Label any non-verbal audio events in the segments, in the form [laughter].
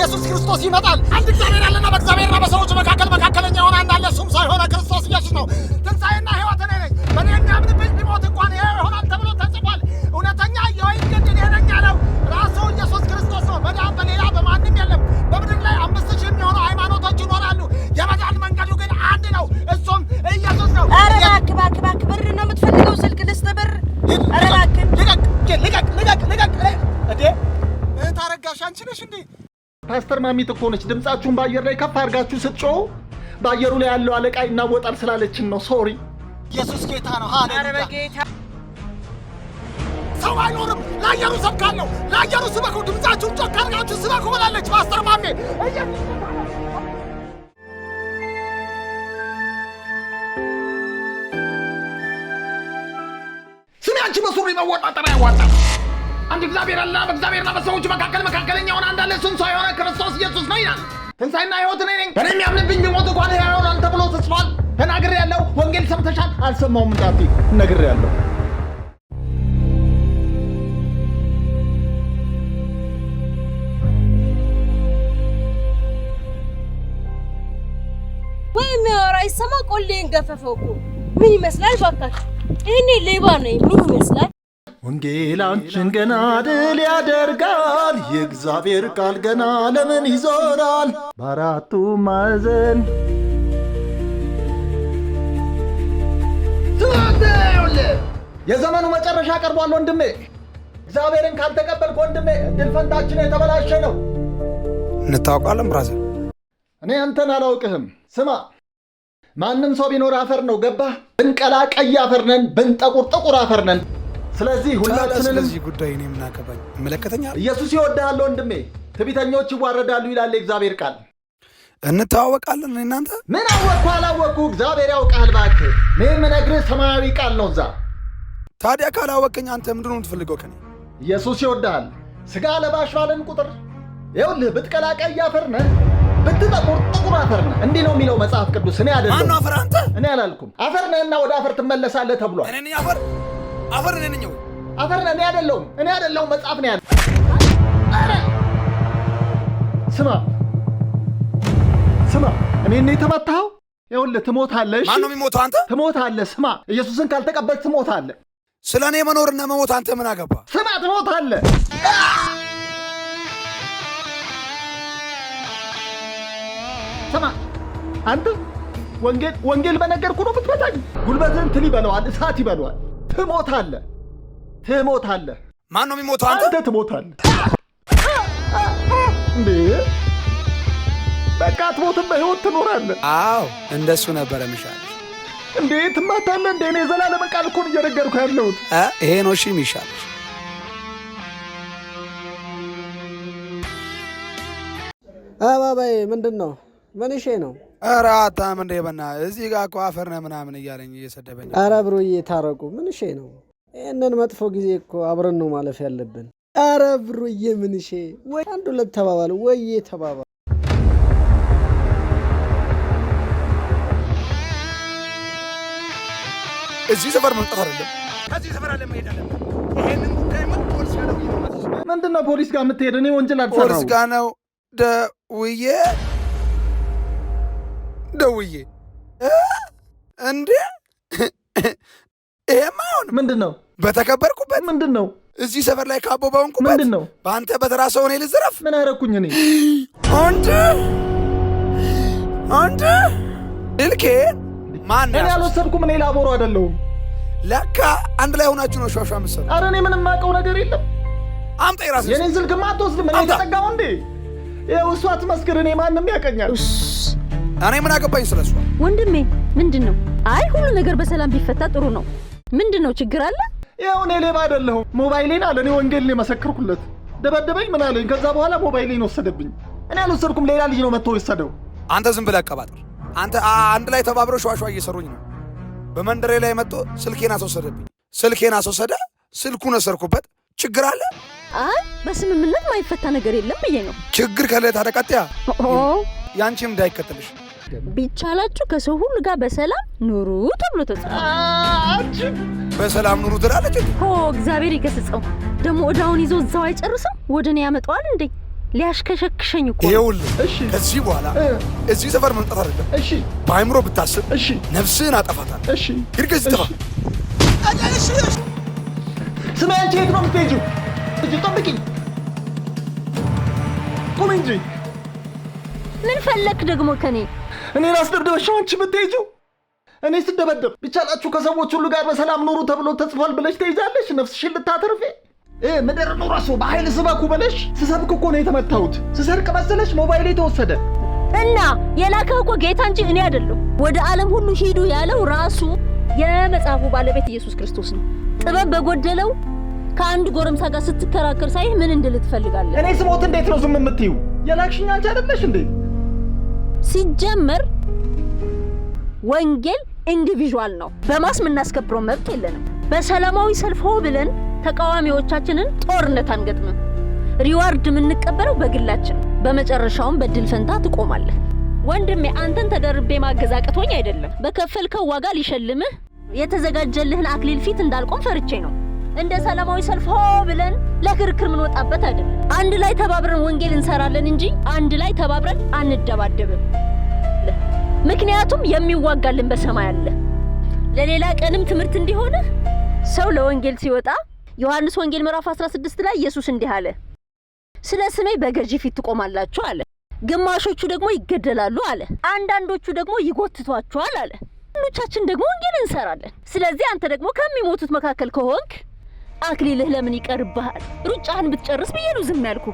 ኢየሱስ ክርስቶስ ይመጣል። አንድ እግዚአብሔር ያለና በእግዚአብሔርና በሰዎች መካከል መካከለኛ የሆነ አንድ አለ፣ እሱም ሰው የሆነ ክርስቶስ ኢየሱስ ነው። ትንሣኤና ህይወት ከርማሚት እኮ ነች። ድምፃችሁን በአየር ላይ ከፍ አድርጋችሁ ስትጮሁ በአየሩ ላይ ያለው አለቃ ይናወጣል ስላለችን ነው። ሶሪ። ኢየሱስ ጌታ ነው። ሃሌሉያ ሰው አይኖርም። ለአየሩ ሰብካለሁ። ለአየሩ ስበኩ። ድምፃችሁን ጮክ አድርጋችሁ ስበኩ ብላለች ፓስተር ማሜ። ስሜ በሱሪ መወጣጠር ያዋጣል አንድ እግዚአብሔር አለ፣ በእግዚአብሔርና በሰዎች መካከል መካከለኛ የሆነ አንድ አለ፣ እሱም ሰው የሆነ ክርስቶስ ኢየሱስ ነው ይላል። ትንሣኤና ሕይወት እኔ ነኝ። በእኔ የሚያምንብኝ ቢሞት እንኳን ያለውን ይሆናል ተብሎ ተጽፏል። ተናግሬ ያለው ወንጌል ሰምተሻል? አልሰማውም ጣፊ ነግሬ ያለው ወይ የሚያወራ ይሰማ ቆሌን ገፈፈው እኮ ምን ይመስላል? ባካችሁ እኔ ሌባ ነኝ ምን ይመስላል? ወንጌላችን ገና ድል ያደርጋል። የእግዚአብሔር ቃል ገና ለምን ይዞራል በአራቱ ማዕዘን የዘመኑ መጨረሻ ቀርቧል ወንድሜ። እግዚአብሔርን ካልተቀበልክ ወንድሜ እድል ፈንታችን የተበላሸ ነው። እንታወቃለን ብራዘር። እኔ አንተን አላውቅህም። ስማ ማንም ሰው ቢኖር አፈር ነው ገባህ? ብንቀላ ቀይ አፈር ነን፣ ብንጠቁር ጥቁር አፈር ነን። ስለዚህ ሁላችንንም ስለዚህ ጉዳይ እኔ ምን አገባኝ፣ ይመለከተኛል። ኢየሱስ ይወዳል ወንድሜ። ትቢተኞች ይዋረዳሉ ይላል የእግዚአብሔር ቃል። እንተዋወቃለን። እናንተ ምን አወቅኩ አላወቅኩ እግዚአብሔር ያውቃል። እባክህ ምን የምነግርህ ሰማያዊ ቃል ነው። እዛ ታዲያ ካላወቀኝ አንተ ምንድን ነው የምትፈልገው ከኔ? ኢየሱስ ይወዳል። ስጋ ለባሽ ባለን ቁጥር ይኸውልህ ብትቀላ ቀይ አፈር ነህ፣ ብትጠቁር ጥቁር አፈር ነህ። እንዲህ ነው የሚለው መጽሐፍ ቅዱስ። እኔ አይደለም ማነው አፈር? አንተ እኔ አላልኩም። አፈር ነህና ወደ አፈር ትመለሳለህ ተብሏል። እኔ አፈር አፈር ነኝ። አፈር እኔ አይደለሁም እኔ አይደለሁም መጽሐፍ ነው ያለው። ስማ ስማ፣ እኔ ነው የተመታኸው። ይኸውልህ ትሞታለህ። እሺ፣ ማነው የሚሞተው? አንተ ትሞታለህ። ስማ፣ ኢየሱስን ካልተቀበልክ ትሞታለህ። ስለ እኔ መኖርና መሞት አንተ ምን አገባ? ስማ፣ ትሞታለህ። ስማ አንተ ወንጌል ወንጌል በነገርኩህ ነው የምትመታኝ። ጉልበትህን እንትን ይበለዋል፣ እሳት ይበለዋል። ትሞታለህ፣ ትሞታለህ። ማን ነው የሚሞተው? አንተ ትሞታለህ። በቃ አትሞትም፣ በህይወት ትኖራለህ። አዎ እንደሱ ነበረ ሚሻል። እንዴት ትማታለህ? እንደ እኔ የዘላለም ቃል እኮ ነው እየነገርኩ ያለሁት። ይሄ ነው እሺ ሚሻል አባባዬ ምንድን ነው? ምንሼ ነው? ኧረ አታምንዴ በና እዚህ ጋር እኮ አፈር ነህ ምናምን እያለኝ እየሰደበኝ። ኧረ ብሩዬ ታረቁ። ምንሼ ነው? ይህንን መጥፎ ጊዜ እኮ አብረን ነው ማለፍ ያለብን። ኧረ ብሩዬ ምንሼ፣ ወይ አንድ ሁለት ተባባሉ፣ ወዬ ተባባሉ። እዚህ ሰፈር መምጣት አይደለም፣ ከዚህ ሰፈር አለ መሄድ አለ። ይሄንን ጉዳይ ምን ፖሊስ ጋር ነው? ምንድን ነው ፖሊስ ጋር የምትሄድ? እኔ ወንጀል አልሰራሁም። ፖሊስ ጋር ነው ደውዬ ደውዬ እንዴ [clears throat] ይሄማ አሁን ምንድን ነው በተከበርኩበት ምንድን ነው እዚህ ሰፈር ላይ ካቦ በሆንኩበት ምንድን ነው በአንተ በተራ ሰው እኔ ልዘረፍ ምን አደረግኩኝ እኔ አንድ አንድ ልኬ ማን እኔ አልወሰድኩም እኔ ላቦሮ አይደለሁም ለካ አንድ ላይ ሆናችሁ ነው ሿሿ ምሰሉ አረ እኔ ምንም የማውቀው ነገር የለም አምጣ የራስ የኔን ስልክማ አትወስድም እኔ ተጠጋው እንዴ ይኸው እሷ ትመስክር እኔ ማንም ያቀኛል እኔ ምን አገባኝ ስለሷ። ወንድሜ ምንድን ነው? አይ ሁሉ ነገር በሰላም ቢፈታ ጥሩ ነው። ምንድን ነው ችግር አለ? ያው እኔ ሌባ አይደለሁም። ሞባይሌን አለ እኔ ወንጌልን የመሰክርኩለት ደበደበኝ፣ ምን አለኝ። ከዛ በኋላ ሞባይሌን ወሰደብኝ። እኔ አልወሰድኩም፣ ሌላ ልጅ ነው መጥቶ የወሰደው። አንተ ዝም ብለህ አቀባጥር። አንተ አንድ ላይ ተባብረው ሸዋሸዋ እየሰሩኝ ነው። በመንደሬ ላይ መጥቶ ስልኬን አስወሰደብኝ። ስልኬን አስወሰደ፣ ስልኩን ወሰርኩበት። ችግር አለ? አይ በስምምነት ማይፈታ ነገር የለም ብዬ ነው። ችግር ከለ ታደቃጥያ ያንቺም እንዳይከተልሽ ቢቻላችሁ ከሰው ሁሉ ጋር በሰላም ኑሩ ተብሎ ተጽፏል። በሰላም ኑሩ ትላለች ሆ እግዚአብሔር ይገስጸው። ደግሞ ወዳውን ይዞ እዛው አይጨርስም፣ ወደ እኔ ያመጣዋል እንዴ ሊያሽከሸክሸኝ እኮ ይኸውልህ። ከዚህ በኋላ እዚህ ሰፈር መምጣት አይደለም። እሺ በአይምሮ ብታስብ እሺ፣ ነፍስህን አጠፋታል። እሺ ይርገዝ ጥፋ። እሺ ስማ፣ አንቺ የት ነው የምትሄጂው? እጅ ጠብቂኝ፣ ቁም እንጂ። ምን ፈለክ ደግሞ ከኔ? እኔን አስደብድበሽ ነው አንቺ የምትሄጂው? እኔ ስደበደብ ቢቻላችሁ ከሰዎች ሁሉ ጋር በሰላም ኑሩ ተብሎ ተጽፏል ብለሽ ትይዛለሽ ነፍስሽን ልታተርፌ ምድር ነው ራሱ በኃይል ስበኩ ብለሽ ስሰብክ እኮ ነው የተመታሁት። ስሰርቅ መሰለሽ ሞባይል የተወሰደ እና የላከው እኮ ጌታ እንጂ እኔ አይደለሁ። ወደ ዓለም ሁሉ ሂዱ ያለው ራሱ የመጽሐፉ ባለቤት ኢየሱስ ክርስቶስ ነው። ጥበብ በጎደለው ከአንድ ጎረምሳ ጋር ስትከራከር ሳይህ ምን እንድል ትፈልጋለህ? እኔ ስሞት እንዴት ነው ዝም የምትይው? የላክሽኝ አንቺ አይደለሽ እንዴ? ሲጀመር ወንጌል ኢንዲቪዥዋል ነው። በማስ የምናስከብረው መብት የለንም። በሰላማዊ ሆ ብለን ተቃዋሚዎቻችንን ጦርነት አንገጥምም። ሪዋርድ የምንቀበለው በግላችን። በመጨረሻውም በድል ፈንታ ትቆማለህ። ወንድሜ አንተን ተደርቤ ማገዝ አቅቶኝ አይደለም። በከፈልከው ዋጋ ሊሸልምህ የተዘጋጀልህን አክሊል ፊት እንዳልቆም ፈርቼ ነው። እንደ ሰላማዊ ሰልፍ ሆ ብለን ለክርክር ምንወጣበት አይደለም። አንድ ላይ ተባብረን ወንጌል እንሰራለን እንጂ አንድ ላይ ተባብረን አንደባደብም። ምክንያቱም የሚዋጋልን በሰማይ አለ። ለሌላ ቀንም ትምህርት እንዲሆነ ሰው ለወንጌል ሲወጣ ዮሐንስ ወንጌል ምዕራፍ 16 ላይ ኢየሱስ እንዲህ አለ፣ ስለ ስሜ በገዢ ፊት ትቆማላችሁ አለ፣ ግማሾቹ ደግሞ ይገደላሉ አለ፣ አንዳንዶቹ ደግሞ ይጎትቷቸዋል አለ። ሁሉቻችን ደግሞ ወንጌል እንሰራለን። ስለዚህ አንተ ደግሞ ከሚሞቱት መካከል ከሆንክ አክሊልህ ለምን ይቀርብሃል? ሩጫህን ብትጨርስ ብዬ ነው ዝም ያልኩ።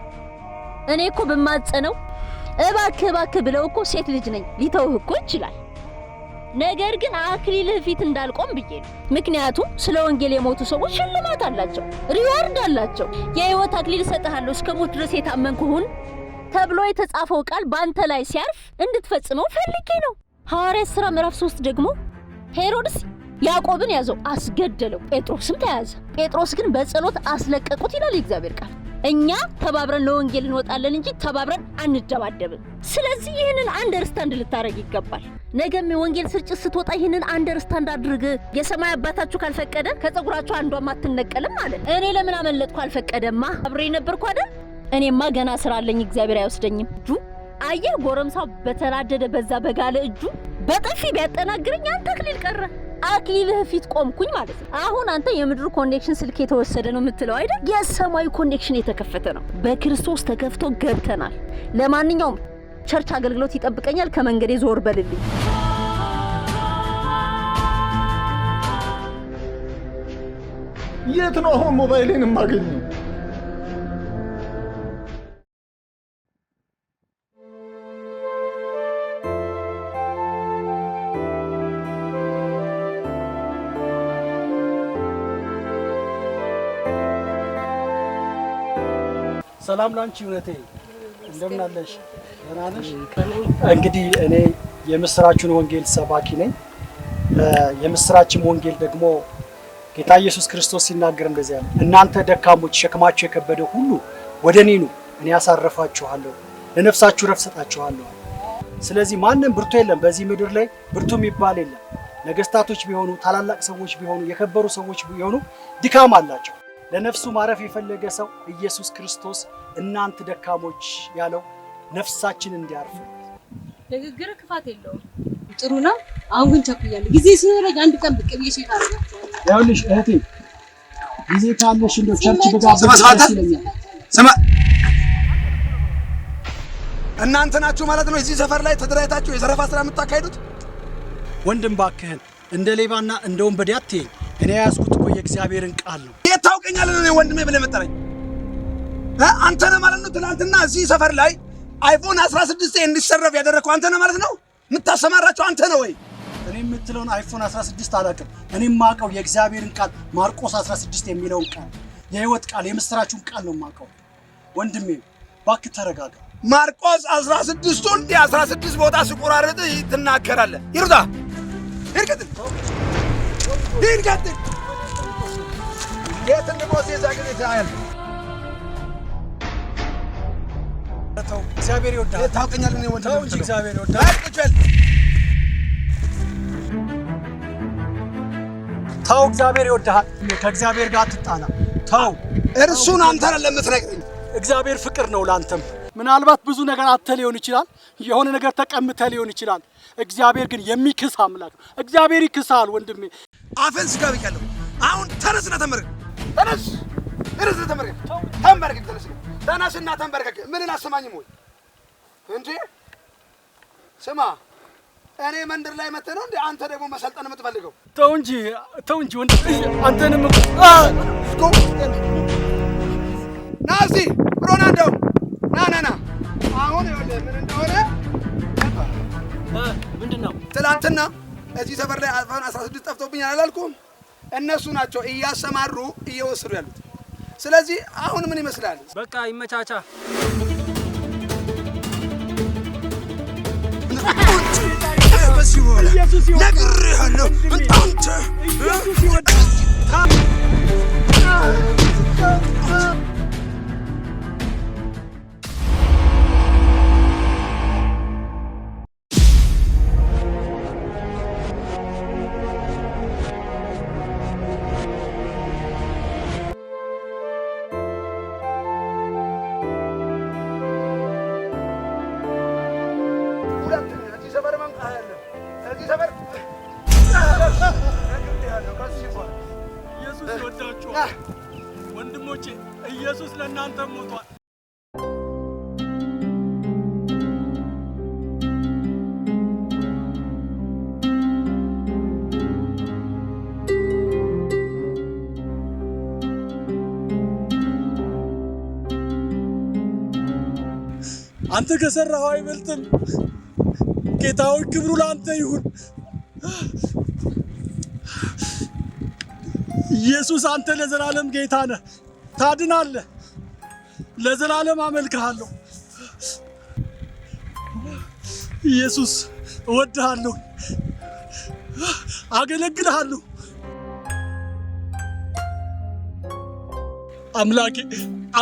እኔ እኮ በማጸነው እባክህ እባክህ ብለው እኮ ሴት ልጅ ነኝ ሊተውህ እኮ ይችላል። ነገር ግን አክሊልህ ፊት እንዳልቆም ብዬ ነው። ምክንያቱም ስለ ወንጌል የሞቱ ሰዎች ሽልማት አላቸው፣ ሪዋርድ አላቸው። የህይወት አክሊል እሰጥሃለሁ እስከ ሞት ድረስ የታመንክ ሁን ተብሎ የተጻፈው ቃል በአንተ ላይ ሲያርፍ እንድትፈጽመው ፈልጌ ነው። ሐዋርያት ሥራ ምዕራፍ ሶስት ደግሞ ሄሮድስ ያዕቆብን ያዘው አስገደለው፣ ጴጥሮስም ተያዘ። ጴጥሮስ ግን በጸሎት አስለቀቁት ይላል የእግዚአብሔር ቃል። እኛ ተባብረን ለወንጌል እንወጣለን እንጂ ተባብረን አንደባደብም። ስለዚህ ይህንን አንደርስታንድ ልታደረግ ይገባል። ነገም የወንጌል ስርጭት ስትወጣ ይህንን አንደርስታንድ አድርግ። የሰማይ አባታችሁ ካልፈቀደ ከጸጉራችሁ አንዷም አትነቀልም አለ። እኔ ለምን አመለጥኩ? አልፈቀደማ አብሬ ነበርኩ አይደል? እኔማ ገና ስራ አለኝ፣ እግዚአብሔር አይወስደኝም። እጁ አየህ፣ ጎረምሳው በተናደደ በዛ በጋለ እጁ በጥፊ ቢያጠናግረኝ አንተ ክሊል ቀረ አክሊልህ ፊት ቆምኩኝ ማለት ነው። አሁን አንተ የምድሩ ኮኔክሽን ስልክ የተወሰደ ነው የምትለው አይደል? የሰማዩ ኮኔክሽን የተከፈተ ነው። በክርስቶስ ተከፍቶ ገብተናል። ለማንኛውም ቸርች አገልግሎት ይጠብቀኛል። ከመንገዴ ዞር በልልኝ። የት ነው አሁን ሞባይሌን የማገኘው? ሰላም ላንቺ እውነቴ፣ እንደምን አለሽ? ደህና ነሽ? እንግዲህ እኔ የምስራችን ወንጌል ሰባኪ ነኝ። የምስራችን ወንጌል ደግሞ ጌታ ኢየሱስ ክርስቶስ ሲናገር እንደዚህ ያለ እናንተ ደካሞች ሸክማችሁ የከበደ ሁሉ ወደ እኔ ኑ፣ እኔ ያሳረፋችኋለሁ፣ ለነፍሳችሁ ረፍት ሰጣችኋለሁ። ስለዚህ ማንም ብርቱ የለም፣ በዚህ ምድር ላይ ብርቱ የሚባል የለም። ነገስታቶች ቢሆኑ ታላላቅ ሰዎች ቢሆኑ የከበሩ ሰዎች ቢሆኑ ድካም አላቸው። ለነፍሱ ማረፍ የፈለገ ሰው ኢየሱስ ክርስቶስ እናንት ደካሞች ያለው ነፍሳችን እንዲያርፍ። ንግግር ክፋት የለውም፣ ጥሩ ነው። አሁን ግን ቸኩያለሁ። ጊዜ ሲኖረኝ አንድ ቀን ብቅ ብዬ ብዬሽ ይኸውልሽ፣ እህቴ ጊዜ ካለሽ እንደው ቸርች ብጋብዝ ይለኛል። ስማ እናንተ ናችሁ ማለት ነው እዚህ ሰፈር ላይ ተደራጅታችሁ የዘረፋ ስራ የምታካሂዱት። ወንድም እባክህን እንደ ሌባና እንደ ወንበዴ አትየኝ። እኔ ያዝኩት የእግዚአብሔርን ቃል ነው። የት ነው ወንድሜ ብለህ መጠረኝ አንተ ነህ ማለት ነው። ትናንትና እዚህ ሰፈር ላይ አይፎን 16 እንዲሰረፍ ያደረግከው አንተ ነህ ማለት ነው። የምታሰማራቸው አንተ ነህ ወይ? እኔ የምትለውን አይፎን 16 አላውቅም። እኔ የማውቀው የእግዚአብሔርን ቃል ማርቆስ 16 የሚለውን ቃል የህይወት ቃል የምስራችሁን ቃል ነው የማውቀው። ወንድሜ እባክህ ተረጋጋ። ማርቆስ 16ቱን የ16 ቦታ ስቆራርጥ ትናገራለህ። ይርዳ ይርቀጥል ይርቀጥል የት እንደሞት የዛ ጊዜ ታያል። እግዚአብሔር ይወዳል። ታውቀኛለህ ነው ወንድም እንጂ እግዚአብሔር ይወዳል። አጥቅጨል ተው እግዚአብሔር ይወዳል። ከእግዚአብሔር ጋር አትጣላ። ተው እርሱን አንተ ለምትነግረኝ እግዚአብሔር ፍቅር ነው። ላንተም ምናልባት ብዙ ነገር አተ ሊሆን ይችላል። የሆነ ነገር ተቀምተ ሊሆን ይችላል። እግዚአብሔር ግን የሚክስ አምላክ ነው። እግዚአብሔር ይክሳል ወንድሜ። አፈን ስጋ ብያለሁ። አሁን ተነስና ተመርቅ። ተነስ እርዝ ተመረክ ተንበርከክ ተነስ ተነስና ተንበርከክ። ምንን አሰማኝም ወይ እንዴ? ስማ እኔ መንደር ላይ መተህ ነው እንዴ አንተ ደግሞ መሰልጠን የምትፈልገው? ተው እንጂ ተው እንጂ ወንድ አንተንም ና እዚህ ሮናልዶ ና ና ና። አሁን ይኸውልህ ምን እንደሆነ ምንድን ነው? ትናንትና እዚህ ሰፈር ላይ አስራ ስድስት ጠፍቶብኛል አላልኩም? እነሱ ናቸው እያሰማሩ እየወሰዱ ያሉት። ስለዚህ አሁን ምን ይመስላል? በቃ ይመቻቻ። አንተ ከሰራኸው አይበልጥም። ጌታዊ ክብሩ ለአንተ ይሁን። ኢየሱስ አንተ ለዘላለም ጌታ ነህ፣ ታድናለህ። ለዘላለም አመልክሃለሁ። ኢየሱስ እወድሃለሁ፣ አገለግልሃለሁ። አምላኬ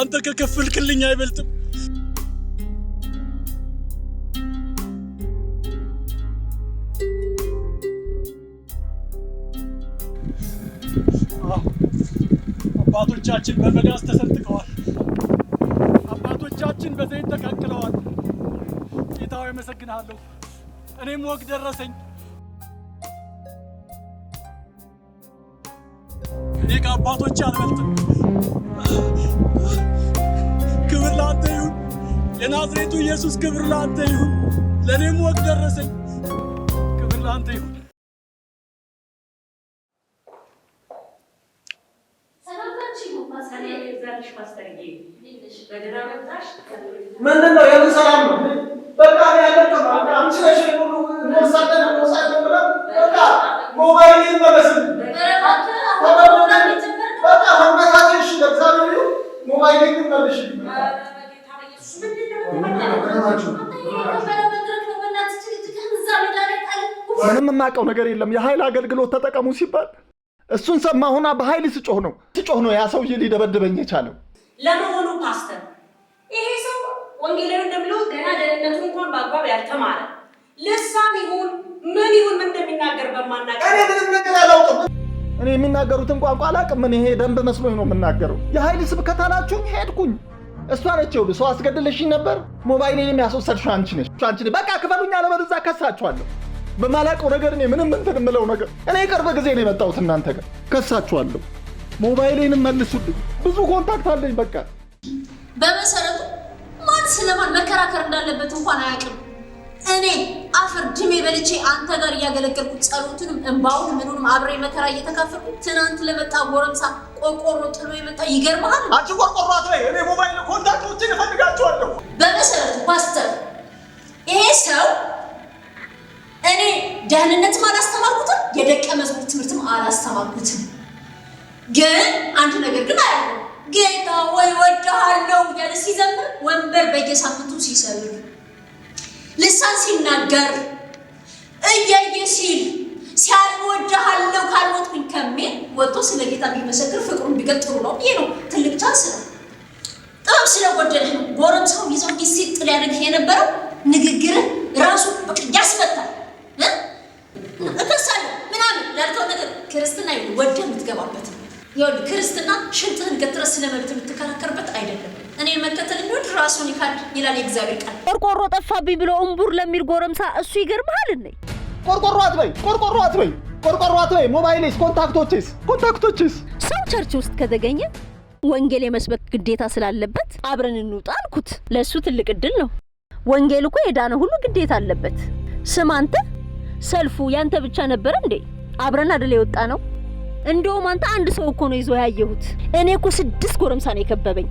አንተ ከከፍልክልኝ አይበልጥም። አባቶቻችን በመዳስ ተሰንጥቀዋል። አባቶቻችን በዘይት ተቀቅለዋል። ጌታዊ ሆይ እኔም ወግ ደረሰኝ። እኔ ከአባቶች አልበልጥም። ክብር ላንተ ይሁን። የናዝሬቱ ኢየሱስ ክብር ላንተ ይሁን። ለእኔም ወግ ደረሰኝ። ክብር ላንተ ይሁን። ነገር የለም የኃይል አገልግሎት ተጠቀሙ ሲባል እሱን ሰማ ሁና በኃይል ስጮህ ነው ስጮህ ነው ያ ሰውዬ ሊደበድበኝ የቻለው። ለመሆኑ ፓስተር ይሄ ሰው ወንጌላዊ እንደምለው ገና ደህንነቱ እንኳን በአግባብ ያልተማረ ልሳን ይሁን ምን ይሁን ምን እንደሚናገር በማናገር እኔ የሚናገሩትን ቋንቋ አላውቅም። ምን ይሄ ደንብ መስሎኝ ነው የምናገረው። የኃይል ስብከት አላችሁኝ ሄድኩኝ። እሷ ነች ሰው አስገድለሽኝ ነበር ሞባይሌንም ያስወሰድሽው አንቺ ነሽ አንቺ። በቃ ክፈሉኝ፣ አለበለዚያ ከሳችኋለሁ። በማላቀው ነገር እኔ ምንም እንትን የምለው ነገር እኔ ቅርብ ጊዜ ነው የመጣሁት እናንተ ጋር ከሳችኋለሁ። ሞባይሌንም መልሱልኝ። ብዙ ኮንታክት አለኝ። በቃ በመሰረቱ ማን ስለማን መከራከር እንዳለበት እንኳን አያውቅም። እኔ አፈር ድሜ በልቼ አንተ ጋር እያገለገልኩ ጸሎቱንም እንባውን ምኑንም አብሬ መከራ እየተካፈልኩ ትናንት ለመጣ ጎረምሳ ቆርቆሮ ጥሎ የመጣ ይገርመሃል። አንቺ ቆርቆሯት ላይ እኔ ሞባይል ኮንታክቶችን እፈልጋቸዋለሁ። በመሰረቱ ፓስተር ይሄ ሰው ደህንነትም አላስተማርኩትም፣ የደቀ መዝሙር ትምህርትም አላስተማርኩትም። ግን አንድ ነገር ግን አያለ ጌታ ወይ ወድሃለው እያለ ሲዘምር ወንበር በየሳምንቱ ሲሰብር ልሳን ሲናገር እያየ ሲል ካልሞት ግን ከሜ ወጥቶ ስለ ጌታ ቢመሰክር ፍቅሩን ቢገጥሩ ነው። ይሄ ነው ትልቅ ቻንስ ነው። ጥበብ ስለጎደልህ ነው ጎረምሳው ይዘው ሲጥ ሊያደርግህ የነበረው ንግግርህ ራሱ ያስፈታል። እከሳለሁ ምናምን ነገር ክርስትና ወደ የምትገባበት ይሁን። ክርስትና ሽንጥህን ገትረህ ስለ የምትከራከርበት አይደለም። መከተል ራሱን ይካድ ይላል የእግዚአብሔር ቃል። ቆርቆሮ ጠፋብኝ ብሎ እምቡር ለሚል ጎረምሳ እሱ ይገርምሃል። እኔ ቆርቆሮ አትበይ፣ ቆርቆሮ አትበይ፣ ቆርቆሮ አትበይ። ሰው ቸርች ውስጥ ከተገኘ ወንጌል የመስበክ ግዴታ ስላለበት አብረን እንውጣ አልኩት። ለእሱ ትልቅ እድል ነው። ወንጌል እኮ የዳነ ሁሉ ግዴታ አለበት። ስም አንተ ሰልፉ ያንተ ብቻ ነበረ እንዴ? አብረን አይደል የወጣ ነው? እንደውም አንተ አንድ ሰው እኮ ነው ይዞ ያየሁት። እኔ እኮ ስድስት ጎረምሳ ነው የከበበኝ።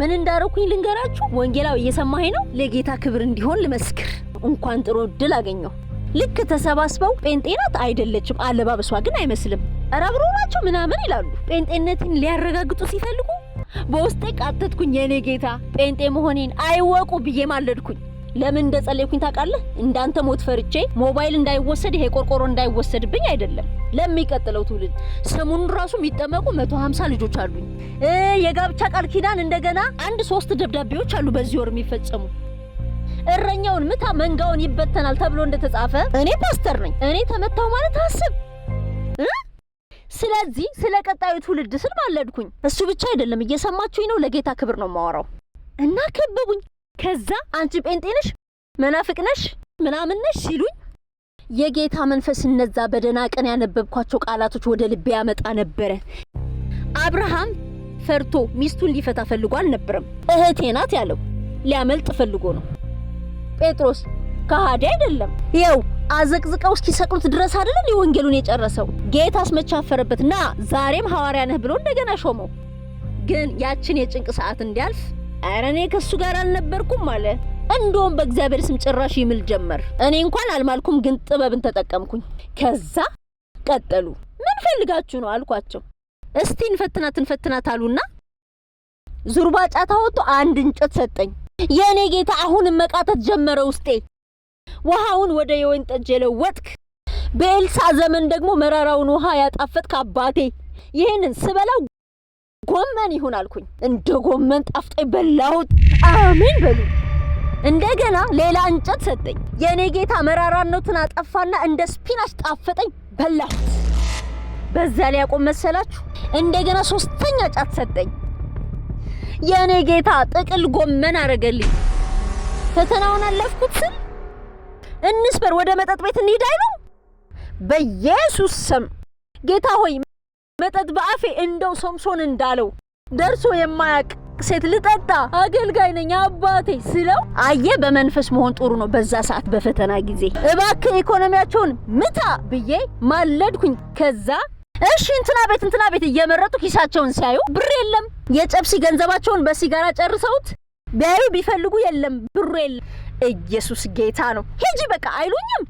ምን እንዳረኩኝ ልንገራችሁ። ወንጌላው እየሰማኸኝ ነው? ለጌታ ክብር እንዲሆን ልመስክር። እንኳን ጥሩ እድል አገኘሁ። ልክ ተሰባስበው ጴንጤናት አይደለችም፣ አለባበሷ ግን አይመስልም፣ ኧረ ናቸው ምናምን ይላሉ። ጴንጤነትን ሊያረጋግጡ ሲፈልጉ በውስጤ ቃተትኩኝ። የእኔ ጌታ ጴንጤ መሆኔን አይወቁ ብዬ ማለድኩኝ። ለምን እንደጸለይኩኝ ታውቃለህ? እንዳንተ ሞት ፈርቼ ሞባይል እንዳይወሰድ ይሄ ቆርቆሮ እንዳይወሰድብኝ አይደለም። ለሚቀጥለው ትውልድ ሰሞኑን ራሱ የሚጠመቁ 150 ልጆች አሉኝ። የጋብቻ ቃል ኪዳን እንደገና አንድ ሶስት ደብዳቤዎች አሉ በዚህ ወር የሚፈጸሙ እረኛውን ምታ መንጋውን ይበተናል ተብሎ እንደተጻፈ እኔ ፓስተር ነኝ። እኔ ተመታው ማለት አስብ። ስለዚህ ስለ ቀጣዩ ትውልድ ስል ማለድኩኝ። እሱ ብቻ አይደለም፣ እየሰማችሁኝ ነው። ለጌታ ክብር ነው የማወራው እና ከበቡኝ። ከዛ አንቺ ጴንጤነሽ መናፍቅነሽ ምናምንነሽ ሲሉኝ የጌታ መንፈስ እነዛ በደህና ቀን ያነበብኳቸው ቃላቶች ወደ ልቤ ያመጣ ነበረ። አብርሃም ፈርቶ ሚስቱን ሊፈታ ፈልጎ አልነበረም። እህቴ ናት ያለው ሊያመልጥ ፈልጎ ነው። ጴጥሮስ ከሃዲ አይደለም። ይኸው አዘቅዝቀው እስኪሰቅሉት ድረስ አይደለም የወንጌሉን የጨረሰው። ጌታስ መቼ አፈረበት? ና ዛሬም ሐዋርያ ነህ ብሎ እንደገና ሾመው። ግን ያችን የጭንቅ ሰዓት እንዲያልፍ አረ እኔ ከሱ ጋር አልነበርኩም አለ። እንደውም በእግዚአብሔር ስም ጭራሽ ይምል ጀመር። እኔ እንኳን አልማልኩም፣ ግን ጥበብን ተጠቀምኩኝ። ከዛ ቀጠሉ። ምን ፈልጋችሁ ነው አልኳቸው። እስቲ እንፈትናት እንፈትናት አሉና ዙርባ ጫታ ወጥቶ አንድ እንጨት ሰጠኝ። የእኔ ጌታ አሁን መቃተት ጀመረ ውስጤ። ውሃውን ወደ የወይን ጠጅ የለወጥክ በኤልሳ ዘመን ደግሞ መራራውን ውሃ ያጣፈጥክ አባቴ ይህንን ስበላው ጎመን ይሁን አልኩኝ። እንደ ጎመን ጣፍጠኝ በላሁት። አሜን በሉ። እንደገና ሌላ እንጨት ሰጠኝ። የእኔ ጌታ መራራነቱን አጠፋና እንደ ስፒናች ጣፈጠኝ፣ በላሁት። በዛ ላይ ያቆም መሰላችሁ። እንደገና ሶስተኛ ጫት ሰጠኝ። የእኔ ጌታ ጥቅል ጎመን አረገልኝ። ፈተናውን አለፍኩት ስል እንስበር፣ ወደ መጠጥ ቤት እንሂድ በኢየሱስ ስም ጌታ ሆይ መጠጥ በአፌ እንደው ሶምሶን እንዳለው ደርሶ የማያቅ ሴት ልጠጣ አገልጋይ ነኝ አባቴ ስለው፣ አየ በመንፈስ መሆን ጥሩ ነው። በዛ ሰዓት በፈተና ጊዜ እባክህ ኢኮኖሚያቸውን ምታ ብዬ ማለድኩኝ። ከዛ እሺ እንትና ቤት እንትና ቤት እየመረጡ ኪሳቸውን ሲያዩ ብር የለም። የጨብሲ ገንዘባቸውን በሲጋራ ጨርሰውት ቢያዩ ቢፈልጉ የለም ብሩ የለም። ኢየሱስ ጌታ ነው። ሄጂ በቃ አይሉኝም።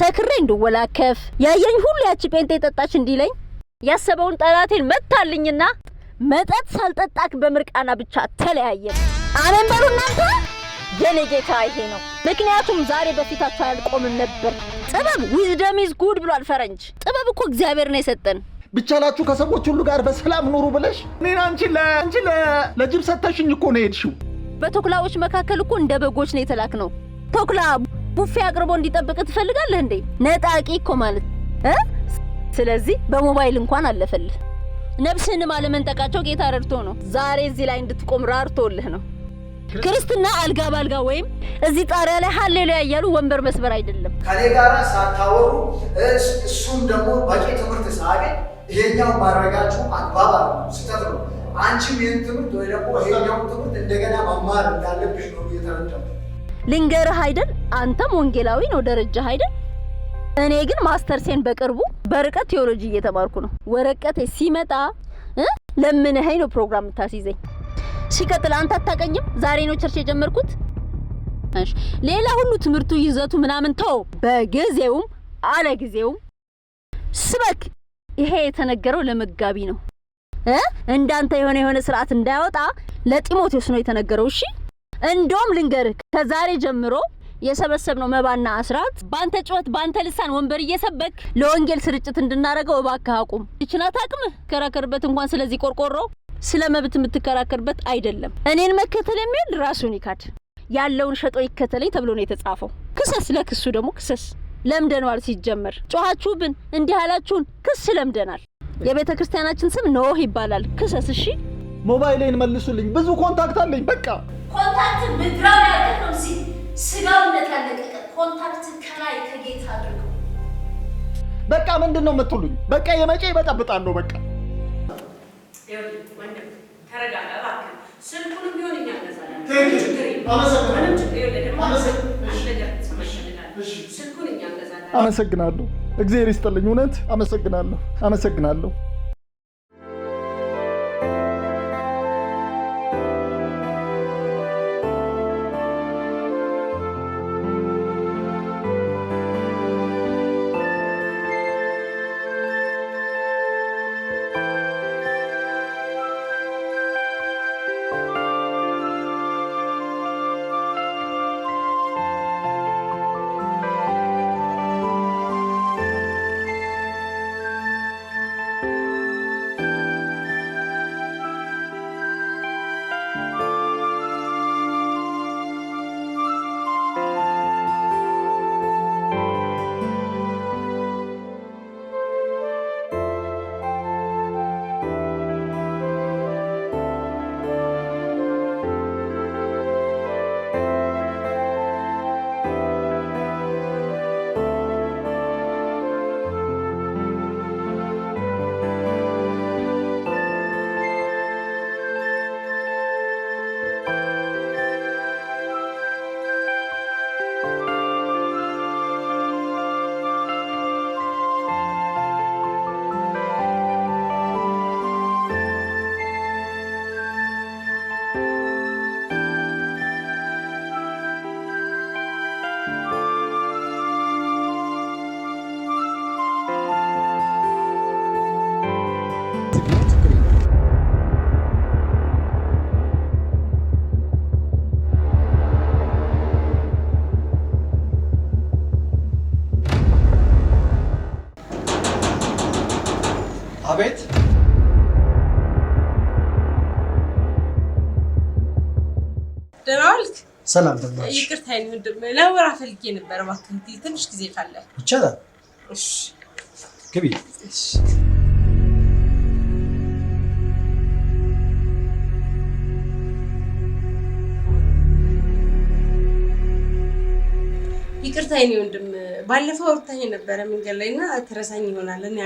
ሰክሬ እንድወላከፍ ያየኝ ሁሉ ያቺ ጴንጤ ጠጣች እንዲለኝ ያሰበውን ጠላቴን መታልኝና መጠጥ ሳልጠጣክ በምርቃና ብቻ ተለያየ አሜን በሉ እናንተ። የኔ ጌታ ይሄ ነው። ምክንያቱም ዛሬ በፊታቸው አያልቆምም ነበር። ጥበብ ዊዝደም ኢዝ ጉድ ብሏል ፈረንጅ። ጥበብ እኮ እግዚአብሔር ነው የሰጠን። ብቻላችሁ ከሰዎች ሁሉ ጋር በሰላም ኑሩ ብለሽ እኔን አንቺን ለአንቺን ለጅብ ሰተሽኝ እኮ ነው ሄድሽው። በተኩላዎች መካከል እኮ እንደ በጎች ነው የተላክ ነው። ተኩላ ቡፌ አቅርቦ እንዲጠብቅ ትፈልጋለህ እንዴ? ነጣቂ እኮ ማለት እ ስለዚህ በሞባይል እንኳን አለፈልህ። ነፍስህንም አለመንጠቃቸው ጌታ ረድቶ ነው ዛሬ እዚህ ላይ እንድትቆም ራርቶልህ ነው። ክርስትና አልጋ ባልጋ ወይም እዚህ ጣሪያ ላይ ሀሌሉያ እያሉ ወንበር መስበር አይደለም። ከኔ ጋር ሳታወሩ እሱም ደግሞ በቂ ትምህርት ሳገኝ ይሄኛው ማድረጋችሁ አግባብ አለ ስህተት ነው። አንቺም ይህን ትምህርት ወይ ደግሞ ይሄኛው ትምህርት እንደገና መማር እንዳለብሽ ነው እየተረዳ ልንገርህ አይደል አንተም ወንጌላዊ ነው ደረጃ አይደል እኔ ግን ማስተር ሴን በቅርቡ በርቀት ቴዎሎጂ እየተማርኩ ነው። ወረቀቴ ሲመጣ ለምንኸኝ ነው ፕሮግራም የምታስይዘኝ። ሲቀጥል አንተ አታቀኝም። ዛሬ ነው ቸርች የጀመርኩት። እሺ፣ ሌላ ሁሉ ትምህርቱ ይዘቱ ምናምን ተው። በጊዜውም አለ ጊዜውም ስበክ። ይሄ የተነገረው ለመጋቢ ነው እ እንዳንተ የሆነ የሆነ ስርዓት እንዳያወጣ ለጢሞቴዎስ ነው የተነገረው። እሺ፣ እንደውም ልንገርህ ከዛሬ ጀምሮ የሰበሰብነው መባና አስራት ባንተ ጩኸት ባንተ ልሳን ወንበር እየሰበክ ለወንጌል ስርጭት እንድናደርገው እባክህ አቁም። ይችናት አቅም ከራከርበት እንኳን ስለዚህ ቆርቆሮ ስለ መብት የምትከራከርበት አይደለም። እኔን መከተል የሚል ራሱን ይካድ ያለውን ሸጦ ይከተለኝ ተብሎ ነው የተጻፈው። ክሰስ፣ ለክሱ ደግሞ ክሰስ ለምደኗል። ሲጀመር ጮኋችሁብን፣ እንዲህ ያላችሁን ክስ ለምደናል። የቤተ ክርስቲያናችን ስም ኖህ ይባላል። ክሰስ። እሺ ሞባይሌን መልሱልኝ። ብዙ ኮንታክት አለኝ። በቃ ኮንታክት ምድራዊ ያለ ነው ስጋው እንደተለቀቀ ኮንታክት ከላይ ከጌታ አድርገው። በቃ ምንድን ነው የምትሉኝ? በቃ የመጨ ይበጠብጣለሁ። በቃ ወንድም አመሰግናለሁ። እግዚአብሔር ይስጥልኝ። እውነት አመሰግናለሁ። አመሰግናለሁ። ሰላም ደማሽ። ይቅርታ ወንድም ለወራ ፈልጌ ነበር። እባክህ ትንሽ ጊዜ ካለ ይቻላል? እሺ ግቢ። እሺ ይቅርታ የእኔ ወንድም ባለፈው አውርታኝ ነበረ መንገድ ላይ እና ትረሳኝ ይሆናል እና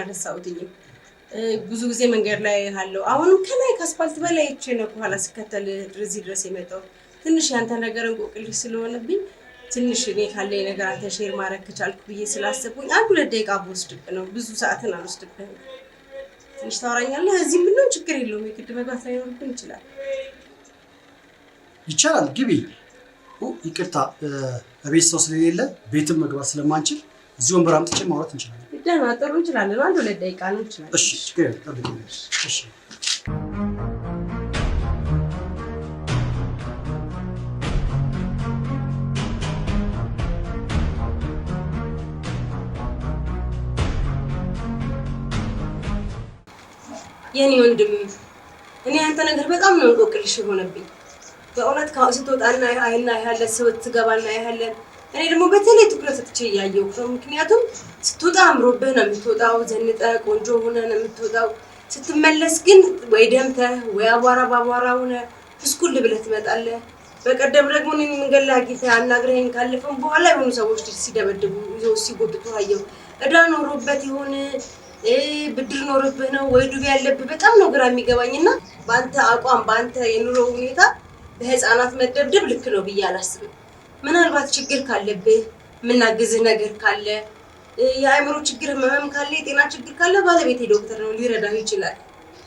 ብዙ ጊዜ መንገድ ላይ አለው። አሁንም ከላይ ከአስፓልት በላይ ቼ ነው ከኋላ ስከተል ድረስ ድረስ የመጣው ትንሽ ያንተ ነገር እንቆቅልሽ ስለሆነብኝ ትንሽ እኔ ካለ ነገር አንተ ሼር ማድረግ ከቻልኩ ብዬ ስላሰብኩኝ አንድ ሁለት ደቂቃ ብወስድብህ ነው። ብዙ ሰዓትን አልወስድብህም። ትንሽ ታወራኛለህ። እዚህ ምንም ችግር የለውም። የግድ መግባት ላይኖርብን ይችላል። ይቻላል። ግቢ። ይቅርታ ቤት ሰው ስለሌለ ቤትም መግባት ስለማንችል እዚህ ወንበር አምጥቼ ማውራት እንችላለን። ደህና ጥሩ፣ እንችላለን። አንድ ሁለት ደቂቃ ነው እንችላለን። እሺ፣ ችግር የለም። ጠብቂኝ። እሺ ችግር የለም እሺ የኔ ወንድም እኔ አንተ ነገር በጣም ነው እንቆቅልሽ የሆነብኝ። በእውነት ከአሁን ስትወጣና አይና ያለ ሰው ትገባና ያለን እኔ ደግሞ በተለይ ትኩረት ትቼ እያየሁ ነው። ምክንያቱም ስትወጣ አምሮብህ ነው የምትወጣው፣ ዘንጠ ቆንጆ ሆነ ነው የምትወጣው። ስትመለስ ግን ወይ ደምተህ ወይ አቧራ በአቧራ ሆነ ብስኩል ብለህ ትመጣለህ። በቀደም ደግሞ እኔን መንገድ ላይ አግኝተህ አናግረኸኝ ካለፈም በኋላ የሆኑ ሰዎች ሲደበድቡ ይዘው ሲጎትቱ አየሁ። እዳ ኖሮበት ይሆን ብድር ኖረብህ ነው ወይ ዱቤ ያለብህ በጣም ነው ግራ የሚገባኝ እና በአንተ አቋም በአንተ የኑሮ ሁኔታ በህፃናት መደብደብ ልክ ነው ብዬ አላስብም። ምናልባት ችግር ካለብህ የምናግዝህ ነገር ካለ የአእምሮ ችግር ህመም ካለ የጤና ችግር ካለ ባለቤቴ ዶክተር ነው ሊረዳህ ይችላል።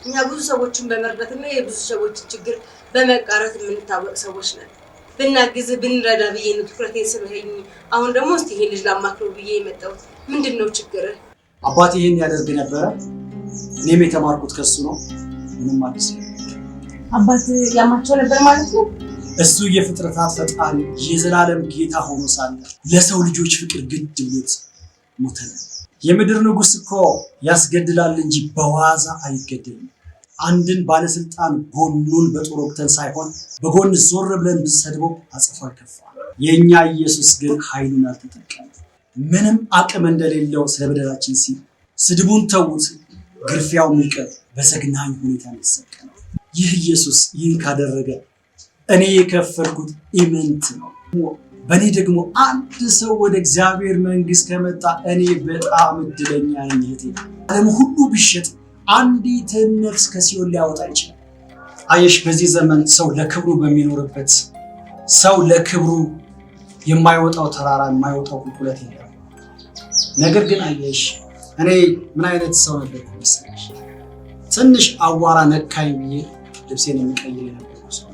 እኛ ብዙ ሰዎችን በመርዳት እና የብዙ ሰዎችን ችግር በመቃረት የምንታወቅ ሰዎች ነን። ብናግዝህ ብንረዳ ብዬ ነው ትኩረቴን ስበኸኝ። አሁን ደግሞ እስቲ ይሄ ልጅ ላማክረው ብዬ የመጣሁት ምንድን ነው ችግርህ? አባቴ ይህን ያደርግ ነበረ። እኔም የተማርኩት ከሱ ነው። ምንም አዲስ አባት ያማቸው ነበር ማለት ነው። እሱ የፍጥረታት ፈጣሪ የዘላለም ጌታ ሆኖ ሳለ ለሰው ልጆች ፍቅር ግድ ብሎት ሞተ። የምድር ንጉሥ እኮ ያስገድላል እንጂ በዋዛ አይገድልም። አንድን ባለስልጣን ጎኑን በጦር ወቅተን ሳይሆን በጎን ዞር ብለን ብንሰድበው አጽፋ ይከፋል። የእኛ ኢየሱስ ግን ኃይሉን አልተጠቀመም። ምንም አቅም እንደሌለው ስለ በደላችን ሲል ስድቡን ተዉት፣ ግርፊያው ሚቀር በዘግናኝ ሁኔታ ነው። ይህ ኢየሱስ ይህን ካደረገ እኔ የከፈልኩት ኢምንት ነው። በእኔ ደግሞ አንድ ሰው ወደ እግዚአብሔር መንግስት ከመጣ እኔ በጣም እድለኛ ነኝ እህቴ። ዓለም ሁሉ ቢሸጥ አንዲትን ነፍስ ከሲኦል ሊያወጣ ይችላል። አየሽ፣ በዚህ ዘመን ሰው ለክብሩ በሚኖርበት ሰው ለክብሩ የማይወጣው ተራራ የማይወጣው ቁልቁለት የለም። ነገር ግን አየሽ እኔ ምን አይነት ሰው ነበርኩ መሰለሽ? ትንሽ አዋራ ነካኝ ብዬ ልብሴን የሚቀይር የነበር ሰው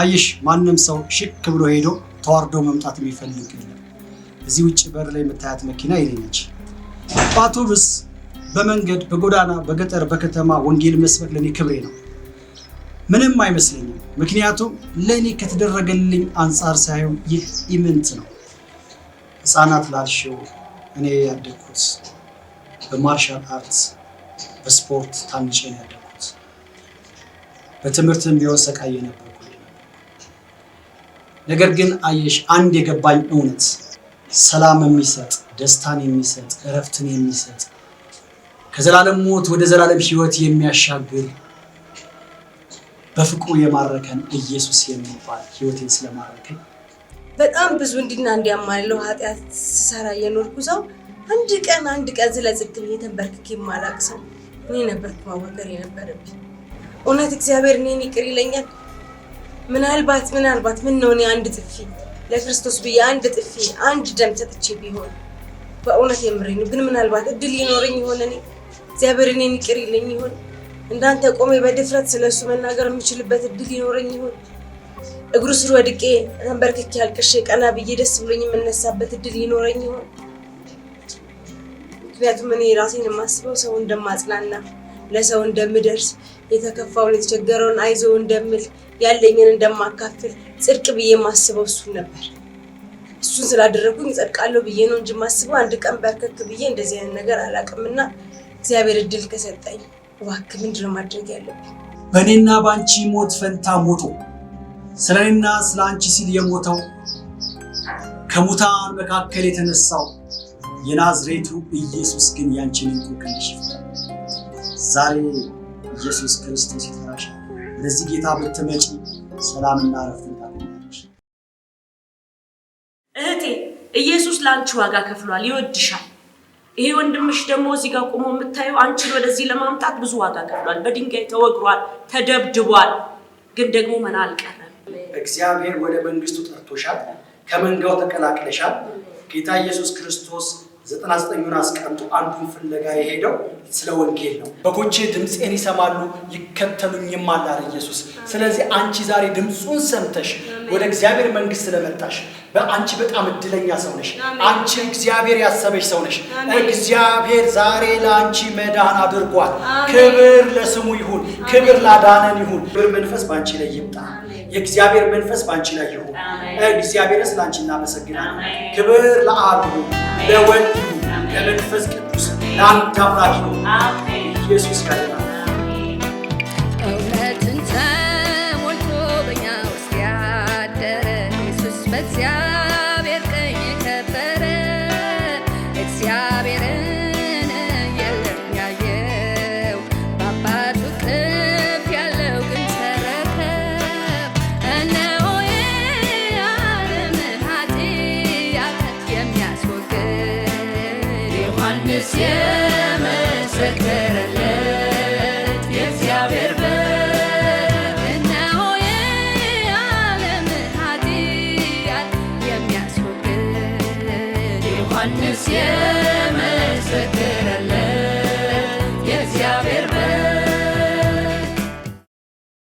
አየሽ። ማንም ሰው ሽክ ብሎ ሄዶ ተዋርዶ መምጣት የሚፈልግ እዚህ ውጭ በር ላይ የምታያት መኪና ይለኛች በአውቶቡስ በመንገድ በጎዳና በገጠር በከተማ ወንጌል መስበክ ለእኔ ክብሬ ነው። ምንም አይመስለኝም። ምክንያቱም ለእኔ ከተደረገልኝ አንጻር ሳይሆን ይህ ኢምንት ነው። ህፃናት ላልሽው እኔ ያደግኩት በማርሻል አርት በስፖርት ታንጬ ነው ያደግኩት። በትምህርትም ቢሆን ሰቃይ ነበር። ነገር ግን አየሽ አንድ የገባኝ እውነት ሰላም የሚሰጥ ደስታን የሚሰጥ እረፍትን የሚሰጥ ከዘላለም ሞት ወደ ዘላለም ሕይወት የሚያሻግር በፍቅሩ የማረከን ኢየሱስ የሚባል ሕይወቴን ስለማረከኝ በጣም ብዙ እንዲና እንዲያማልለው ኃጢአት ስሰራ እየኖርኩ ሰው አንድ ቀን አንድ ቀን ስለ ጽድቅ ብዬ ተንበርክኬ የማላቅ ሰው እኔ ነበርኩ ማወገር የነበረብኝ። እውነት እግዚአብሔር እኔን ይቅር ይለኛል? ምናልባት ምናልባት ምን ነው እኔ አንድ ጥፊ ለክርስቶስ ብዬ አንድ ጥፊ አንድ ደም ሰጥቼ ቢሆን በእውነት የምሬኝ ግን ምናልባት እድል ይኖረኝ ይሆን? እኔ እግዚአብሔር እኔን ይቅር ይለኝ ይሆን? እንዳንተ ቆሜ በድፍረት ስለሱ መናገር የምችልበት እድል ይኖረኝ ይሆን? እግሩ ስር ወድቄ ተንበርክኬ አልቅሼ ቀና ብዬ ደስ ብሎኝ የምነሳበት እድል ይኖረኝ ይሆን? ምክንያቱም እኔ ራሴን የማስበው ሰው እንደማጽናና፣ ለሰው እንደምደርስ፣ የተከፋውን የተቸገረውን አይዞ እንደምል፣ ያለኝን እንደማካፍል፣ ጽድቅ ብዬ የማስበው እሱን ነበር። እሱን ስላደረጉኝ ጸድቃለሁ ብዬ ነው እንጂ የማስበው አንድ ቀን በርከክ ብዬ እንደዚህ አይነት ነገር አላውቅምና እግዚአብሔር እድል ከሰጠኝ እባክህ ምንድን ነው ማድረግ ያለብኝ? በእኔና በአንቺ ሞት ፈንታ ሞቶ ስለ እኔና ስለ አንቺ ሲል የሞተው ከሙታን መካከል የተነሳው የናዝሬቱ ኢየሱስ ግን ያንቺን እንቆቅልሽ ዛሬ ኢየሱስ ክርስቶስ ይጠራሻል። ወደዚህ ጌታ ብትመጪ ሰላምና ረፍትን ታገኛለሽ። እህቴ ኢየሱስ ለአንቺ ዋጋ ከፍሏል፣ ይወድሻል። ይሄ ወንድምሽ ደግሞ እዚህ ጋር ቆሞ የምታየው አንቺን ወደዚህ ለማምጣት ብዙ ዋጋ ከፍሏል። በድንጋይ ተወግሯል፣ ተደብድቧል። ግን ደግሞ መና አልቀረ እግዚአብሔር ወደ መንግስቱ ጠርቶሻል። ከመንጋው ተቀላቅለሻል። ጌታ ኢየሱስ ክርስቶስ ዘጠና ዘጠኙን አስቀምጦ አንዱን ፍለጋ የሄደው ስለ ወንጌል ነው። በጎቼ ድምፄን ይሰማሉ ይከተሉኝም አላለ ኢየሱስ። ስለዚህ አንቺ ዛሬ ድምፁን ሰምተሽ ወደ እግዚአብሔር መንግስት ስለመጣሽ በአንቺ በጣም እድለኛ ሰው ነሽ። አንቺ እግዚአብሔር ያሰበሽ ሰው ነሽ። እግዚአብሔር ዛሬ ለአንቺ መዳን አድርጓል። ክብር ለስሙ ይሁን፣ ክብር ላዳነን ይሁን። ክብር መንፈስ በአንቺ ላይ ይምጣ። የእግዚአብሔር መንፈስ ባንቺ ላይ ይሁን። እግዚአብሔር ስለ አንቺ እናመሰግናለን። ክብር ለአብ ለወልድ ለመንፈስ ቅዱስ ለአንድ አምላክ ይሁን። ኢየሱስ ያድናል።